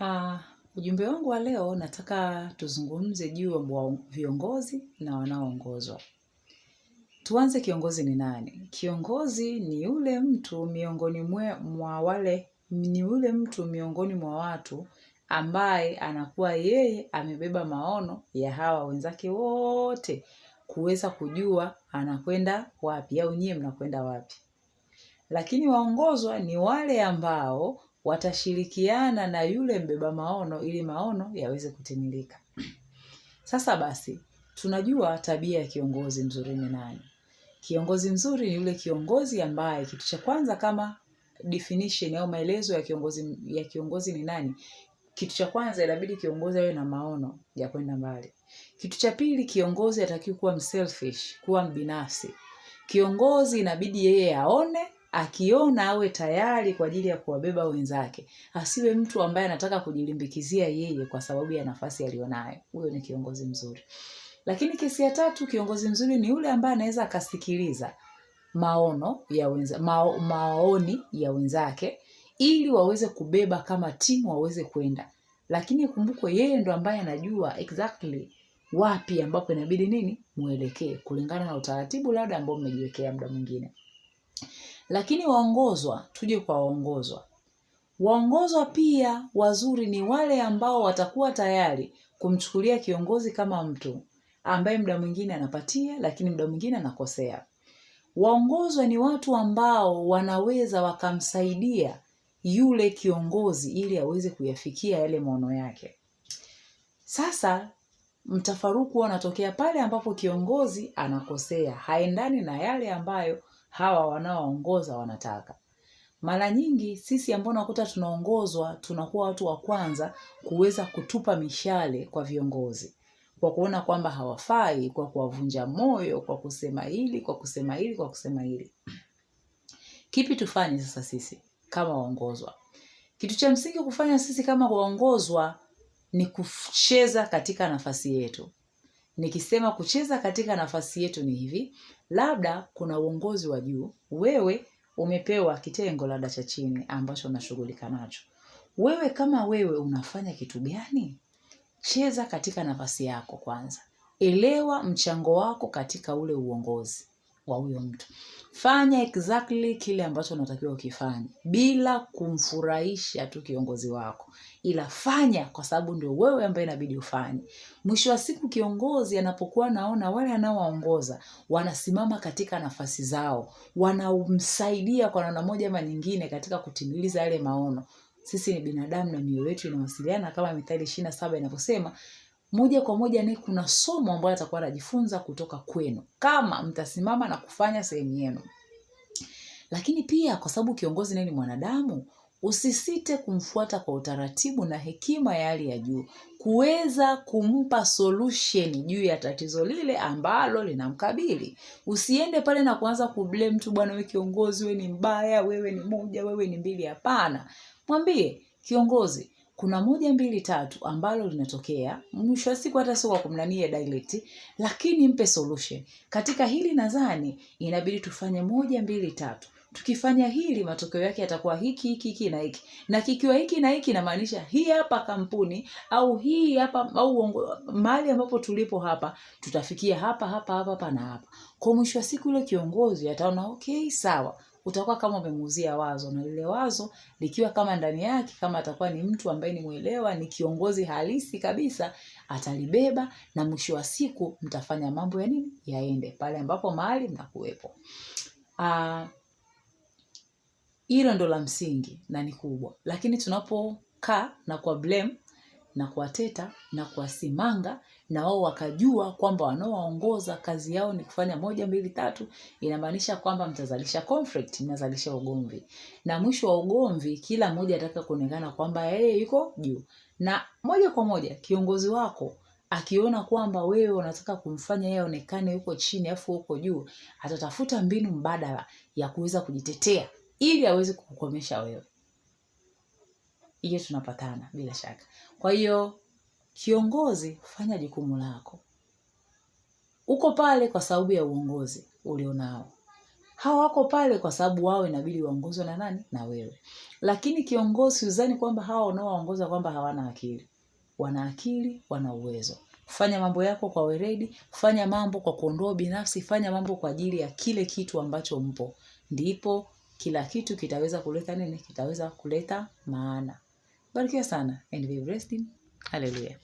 Uh, ujumbe wangu wa leo nataka tuzungumze juu ya viongozi na wanaoongozwa. Tuanze, kiongozi ni nani? Kiongozi ni yule mtu miongoni mwa wale, ni yule mtu miongoni mwa watu ambaye anakuwa yeye amebeba maono ya hawa wenzake wote kuweza kujua anakwenda wapi au nyie mnakwenda wapi. Lakini waongozwa ni wale ambao watashirikiana na yule mbeba maono ili maono yaweze kutimilika. Sasa basi, tunajua tabia ya kiongozi mzuri ni nani? Kiongozi mzuri ni yule kiongozi ambaye kitu cha kwanza kama definition au maelezo ya kiongozi ya kiongozi ni nani? Kitu cha kwanza inabidi kiongozi awe na maono ya kwenda mbali. Kitu cha pili, kiongozi atakiwa kuwa mselfish, kuwa mbinafsi. Kiongozi inabidi yeye aone akiona awe tayari kwa ajili ya kuwabeba wenzake, asiwe mtu ambaye anataka kujilimbikizia yeye kwa sababu ya nafasi aliyonayo. Huyo ni kiongozi mzuri. Lakini kesi ya tatu, kiongozi mzuri ni yule ambaye anaweza akasikiliza maono ya wenza, mao, maoni ya wenzake ili waweze kubeba kama timu waweze kwenda, lakini kumbukwe, yeye ndo ambaye anajua exactly wapi ambapo inabidi nini mwelekee kulingana na utaratibu labda ambao mmejiwekea muda mwingine. Lakini waongozwa, tuje kwa waongozwa. Waongozwa pia wazuri ni wale ambao watakuwa tayari kumchukulia kiongozi kama mtu ambaye muda mwingine anapatia, lakini muda mwingine anakosea. Waongozwa ni watu ambao wanaweza wakamsaidia yule kiongozi ili aweze kuyafikia yale maono yake. Sasa mtafaruku unatokea pale ambapo kiongozi anakosea, haendani na yale ambayo hawa wanaoongoza wanataka. Mara nyingi sisi ambao nakuta tunaongozwa tunakuwa watu wa kwanza kuweza kutupa mishale kwa viongozi kwa kuona kwamba hawafai, kwa kuwavunja moyo, kwa kusema hili, kwa kusema hili, kwa kusema hili. Kipi tufanye sasa sisi kama waongozwa? Kitu cha msingi kufanya sisi kama waongozwa ni kucheza katika nafasi yetu. Nikisema kucheza katika nafasi yetu ni hivi, labda kuna uongozi wa juu, wewe umepewa kitengo labda cha chini ambacho unashughulika nacho. Wewe kama wewe unafanya kitu gani? Cheza katika nafasi yako kwanza, elewa mchango wako katika ule uongozi wa huyo mtu. Fanya exactly kile ambacho unatakiwa ukifanye, bila kumfurahisha tu kiongozi wako, ila fanya kwa sababu ndio wewe ambaye inabidi ufanye. Mwisho wa siku, kiongozi anapokuwa naona wale anaowaongoza wanasimama katika nafasi zao, wanamsaidia kwa namna moja ama nyingine katika kutimiliza yale maono. Sisi ni binadamu na mioyo yetu inawasiliana kama Mithali ishirini na saba inavyosema moja kwa moja ni kuna somo ambayo atakuwa anajifunza kutoka kwenu kama mtasimama na kufanya sehemu yenu. Lakini pia kwa sababu kiongozi naye ni mwanadamu, usisite kumfuata kwa utaratibu na hekima ya hali ya juu kuweza kumpa solution juu ya tatizo lile ambalo linamkabili. Usiende pale na kuanza kublame mtu, bwana, wewe kiongozi, wewe ni mbaya, wewe ni moja, wewe ni mbili. Hapana, mwambie kiongozi kuna moja mbili tatu ambalo linatokea mwisho wa siku, hata sio kwa kumnania direct, lakini mpe solution katika hili. Nadhani inabidi tufanye moja mbili tatu tukifanya hili matokeo yake yatakuwa hiki hiki hiki na hiki, na kikiwa hiki na hiki, inamaanisha hii hapa kampuni au hii hapa au mahali ambapo tulipo hapa tutafikia hapa hapa hapa hapa na hapa. Kwa mwisho wa siku, ile kiongozi ataona okay, sawa, utakuwa kama umemuuzia wazo, na lile wazo likiwa kama ndani yake, kama atakuwa ni mtu ambaye ni mwelewa, ni kiongozi halisi kabisa, atalibeba na mwisho wa siku mtafanya mambo ya nini yaende pale ambapo mahali mnakuwepo. Ah, hilo ndo la msingi na ni kubwa, lakini tunapokaa na kwa blame na kuwateta na kuwasimanga na wao wakajua kwamba wanaowaongoza kazi yao ni kufanya moja mbili tatu, inamaanisha kwamba mtazalisha conflict, mnazalisha ugomvi, na mwisho wa ugomvi kila mmoja ataka kuonekana kwamba yeye yuko juu, na moja kwa moja kiongozi wako akiona kwamba wewe unataka kumfanya yeye aonekane yuko chini afu uko juu, atatafuta mbinu mbadala ya kuweza kujitetea ili aweze kukukomesha wewe hiyo tunapatana bila shaka. Kwa hiyo kiongozi, fanya jukumu lako. Uko pale kwa sababu ya uongozi ulionao. Hawa wako pale kwa sababu wao inabidi waongozwe na nani? Na wewe. Lakini kiongozi, uzani kwamba hawa unaowaongoza kwamba hawana akili. Wana akili, wana uwezo. Fanya mambo yako kwa weredi, fanya mambo kwa kuondoa binafsi, fanya mambo kwa ajili ya kile kitu ambacho mpo, ndipo kila kitu kitaweza kuleta nini? Kitaweza kuleta maana. Barikiwa sana and be blessed. Haleluya.